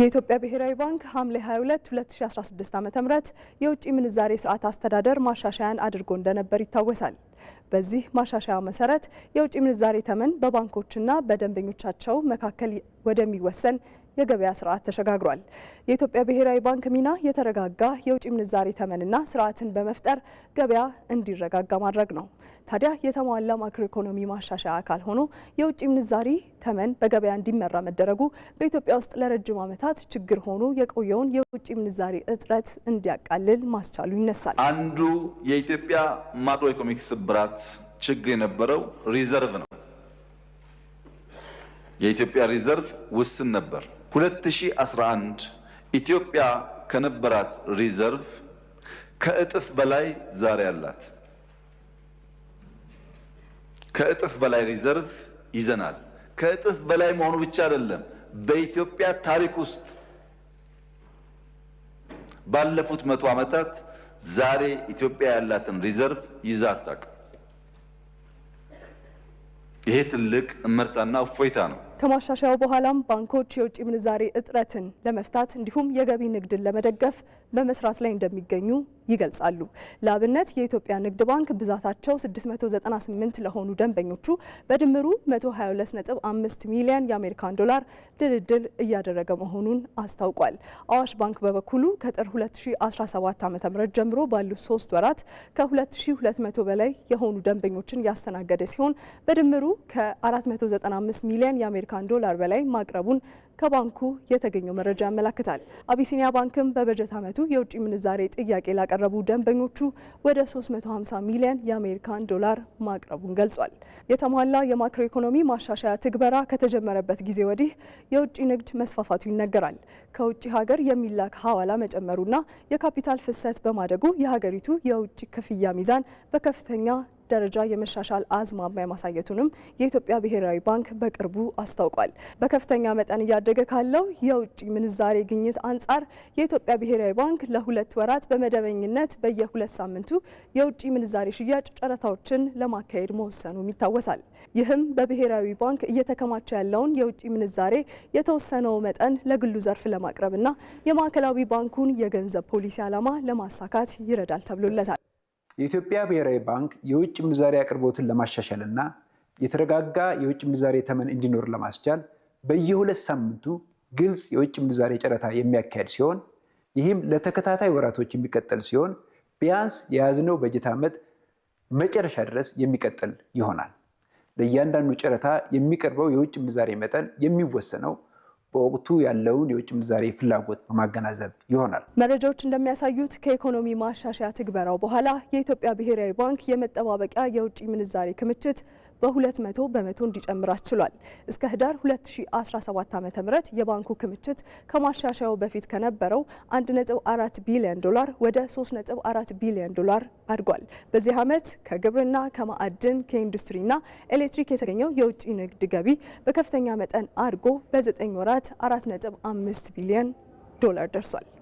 የኢትዮጵያ ብሔራዊ ባንክ ሐምሌ 22 2016 ዓ.ም የውጭ ምንዛሬ ስርዓት አስተዳደር ማሻሻያን አድርጎ እንደነበር ይታወሳል። በዚህ ማሻሻያ መሰረት የውጭ ምንዛሬ ተመን በባንኮችና በደንበኞቻቸው መካከል ወደሚወሰን የገበያ ስርዓት ተሸጋግሯል። የኢትዮጵያ ብሔራዊ ባንክ ሚና የተረጋጋ የውጭ ምንዛሬ ተመንና ስርዓትን በመፍጠር ገበያ እንዲረጋጋ ማድረግ ነው። ታዲያ የተሟላ ማክሮ ኢኮኖሚ ማሻሻያ አካል ሆኖ የውጭ ምንዛሪ ተመን በገበያ እንዲመራ መደረጉ በኢትዮጵያ ውስጥ ለረጅም ዓመታት ችግር ሆኖ የቆየውን የውጭ ምንዛሪ እጥረት እንዲያቃልል ማስቻሉ ይነሳል። አንዱ የኢትዮጵያ ማክሮ ኢኮኖሚክ መብራት ችግር የነበረው ሪዘርቭ ነው። የኢትዮጵያ ሪዘርቭ ውስን ነበር። 2011 ኢትዮጵያ ከነበራት ሪዘርቭ ከእጥፍ በላይ ዛሬ አላት። ከእጥፍ በላይ ሪዘርቭ ይዘናል። ከእጥፍ በላይ መሆኑ ብቻ አይደለም፣ በኢትዮጵያ ታሪክ ውስጥ ባለፉት መቶ ዓመታት ዛሬ ኢትዮጵያ ያላትን ሪዘርቭ ይዛ አታውቅም። ይሄ ትልቅ እመርታና እፎይታ ነው። ከማሻሻያው በኋላም ባንኮች የውጭ ምንዛሬ እጥረትን ለመፍታት እንዲሁም የገቢ ንግድን ለመደገፍ በመስራት ላይ እንደሚገኙ ይገልጻሉ። ለአብነት የኢትዮጵያ ንግድ ባንክ ብዛታቸው 698 ለሆኑ ደንበኞቹ በድምሩ 122.5 ሚሊዮን የአሜሪካን ዶላር ድልድል እያደረገ መሆኑን አስታውቋል። አዋሽ ባንክ በበኩሉ ከጥር 2017 ዓ ም ጀምሮ ባሉት ሶስት ወራት ከ2200 በላይ የሆኑ ደንበኞችን ያስተናገደ ሲሆን በድምሩ ከ495 ሚሊዮን የአሜሪካን ዶላር በላይ ማቅረቡን ከባንኩ የተገኘው መረጃ ያመላክታል። አቢሲኒያ ባንክም በበጀት ዓመቱ የውጭ ምንዛሬ ጥያቄ ላቀረቡ ደንበኞቹ ወደ 350 ሚሊዮን የአሜሪካን ዶላር ማቅረቡን ገልጿል። የተሟላ የማክሮ ኢኮኖሚ ማሻሻያ ትግበራ ከተጀመረበት ጊዜ ወዲህ የውጭ ንግድ መስፋፋቱ ይነገራል። ከውጭ ሀገር የሚላክ ሀዋላ መጨመሩና የካፒታል ፍሰት በማደጉ የሀገሪቱ የውጭ ክፍያ ሚዛን በከፍተኛ ደረጃ የመሻሻል አዝማሚያ ማሳየቱንም የኢትዮጵያ ብሔራዊ ባንክ በቅርቡ አስታውቋል። በከፍተኛ መጠን እያደገ ካለው የውጭ ምንዛሬ ግኝት አንጻር የኢትዮጵያ ብሔራዊ ባንክ ለሁለት ወራት በመደበኝነት በየሁለት ሳምንቱ የውጭ ምንዛሬ ሽያጭ ጨረታዎችን ለማካሄድ መወሰኑም ይታወሳል። ይህም በብሔራዊ ባንክ እየተከማቸ ያለውን የውጭ ምንዛሬ የተወሰነው መጠን ለግሉ ዘርፍ ለማቅረብና የማዕከላዊ ባንኩን የገንዘብ ፖሊሲ ዓላማ ለማሳካት ይረዳል ተብሎለታል። የኢትዮጵያ ብሔራዊ ባንክ የውጭ ምንዛሬ አቅርቦትን ለማሻሻል እና የተረጋጋ የውጭ ምንዛሬ ተመን እንዲኖር ለማስቻል በየሁለት ሳምንቱ ግልጽ የውጭ ምንዛሬ ጨረታ የሚያካሄድ ሲሆን ይህም ለተከታታይ ወራቶች የሚቀጠል ሲሆን ቢያንስ የያዝነው በጀት ዓመት መጨረሻ ድረስ የሚቀጥል ይሆናል። ለእያንዳንዱ ጨረታ የሚቀርበው የውጭ ምንዛሬ መጠን የሚወሰነው በወቅቱ ያለውን የውጭ ምንዛሬ ፍላጎት በማገናዘብ ይሆናል። መረጃዎች እንደሚያሳዩት ከኢኮኖሚ ማሻሻያ ትግበራው በኋላ የኢትዮጵያ ብሔራዊ ባንክ የመጠባበቂያ የውጭ ምንዛሬ ክምችት በ200 በመቶ እንዲጨምር አስችሏል። እስከ ህዳር 2017 ዓ.ም የባንኩ ክምችት ከማሻሻያው በፊት ከነበረው 1.4 ቢሊዮን ዶላር ወደ 3.4 ቢሊዮን ዶላር አድጓል። በዚህ ዓመት ከግብርና፣ ከማዕድን፣ ከኢንዱስትሪና ኤሌክትሪክ የተገኘው የውጭ ንግድ ገቢ በከፍተኛ መጠን አድጎ በ9 ወራት 4.5 ቢሊዮን ዶላር ደርሷል።